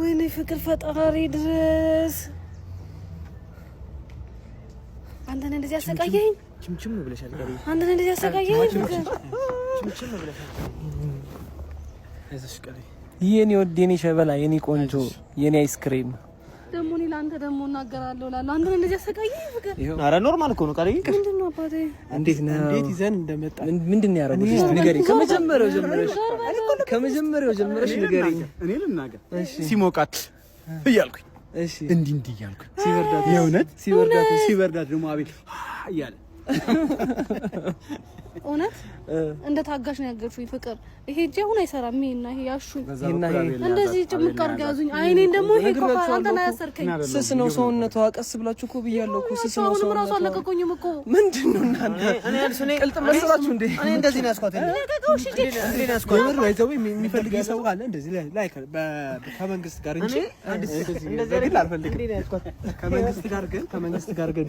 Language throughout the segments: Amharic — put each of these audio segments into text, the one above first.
ወይኔ ፍቅር ፈጣሪ ድረስ አንተን እንደዚህ አሰቃየኝ። ችምችም ብለሻል። አንተን እንደዚህ አሰቃየኝ። ችምችም ብለሻል። የኔ ወድ፣ የኔ ሸበላ፣ የኔ ቆንጆ፣ የኔ አይስክሬም ደግሞ እኔ ለአንተ ደግሞ እናገራለሁ እላለሁ። አንተ እንደዚህ አሰቃየኝ ፍቅር። ኧረ ኖርማል እኮ ነው። ምንድን ነው አባቴ፣ እንዴት ነው እንዴት ይዘን እንደመጣ ምንድን ነው ያደረጉት? ንገሪኝ፣ ከመጀመሪያው ጀምረሽ ከመጀመሪያው ጀምረሽ ንገሪኝ። እኔ ልናገር ሲሞቃት እያልኩኝ፣ እሺ እንዲህ እንዲህ እያልኩኝ፣ ሲበርዳት የእውነት ሲበርዳት ሲበርዳት ደግሞ አቤት እያለ እውነት እንደ ታጋሽ ነው ያገርሹኝ። ፍቅር ይሄ እጄ አሁን አይሰራም። ይሄና ይሄ ይሄ እንደዚህ ጭምቅ አድርጋ ያዙኝ። አይኔን ደግሞ ይሄ አንተን አያሰርከኝ። ስስ ነው ሰውነቷ። ቀስ ብላችሁ እኮ ብያለሁ እኮ ስስ ነው። አሁንም ራሱ አለቀቆኝም እኮ ምንድን ነው እናንተ ቅልጥ መሰላችሁ እንዴ? እኔ እንደዚህ ነው ያስኳት። የሚፈልግ ሰው ካለ እንደዚህ ላይ ከመንግስት ጋር እንጂ ከመንግስት ጋር ግን ከመንግስት ጋር ግን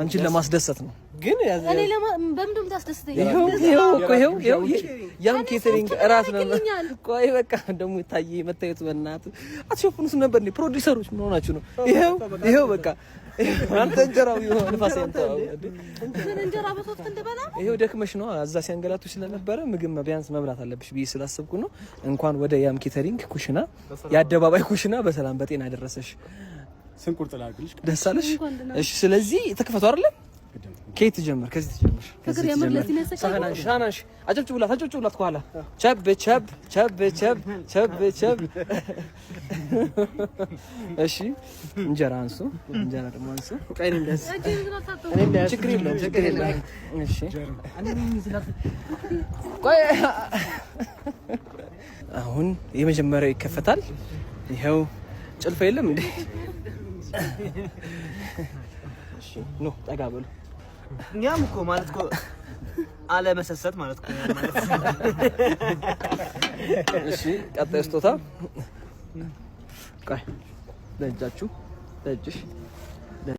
አንቺን ለማስደሰት ነው። ግን እኔ በምንድን ታስደስተኝ? ይኸው እኮ ይኸው ይኸው ያም ኬተሪንግ እራት ነው። ቆይ በቃ ደግሞ ታዬ መታየቱ በእናት አትሸፍኑስ ነበር እንዴ? ፕሮዲሰሮች ምን ሆናችሁ ነው? ይኸው ይኸው በቃ አንተ እንጀራው ይሆን ንፋሴን ተው እንጀራ በሶስት እንደበላ ይኸው ደክመሽ ነው። አዛ ሲያንገላቱ ስለነበረ ምግብ ቢያንስ መብላት አለብሽ ብዬ ስላሰብኩ ነው። እንኳን ወደ ያም ኬተሪንግ ኩሽና፣ የአደባባይ ኩሽና በሰላም በጤና ያደረሰሽ። ስንቁርጥ ላግልሽ ደስ አለሽ። እሺ፣ ስለዚህ ተከፈቱ አይደለ? ከየት ትጀምር? ከዚህ ትጀምር። ፍቅር የምር ለዚህ ነው ያሰቃየው። ሻናሽ አጨብጭቡላት፣ አጨብጭቡላት ከኋላ ቸብ ቸብ ቸብ ቸብ ቸብ ቸብ። እሺ፣ እንጀራ አንሱ፣ እንጀራ ደግሞ አንሱ። ቀይን እንደስ እኔ ችግር የለም ችግር የለም። እሺ፣ ቆይ አሁን የመጀመሪያው ይከፈታል። ይኸው ጭልፋ የለም እንዴ? ኖ ጠጋ በሉ። እኛም እኮ ማለት እኮ አለመሰሰት ማለት እኮ እሺ ቀጣይ ስጦታ ቆይ ለእጃችሁ ለእጅሽ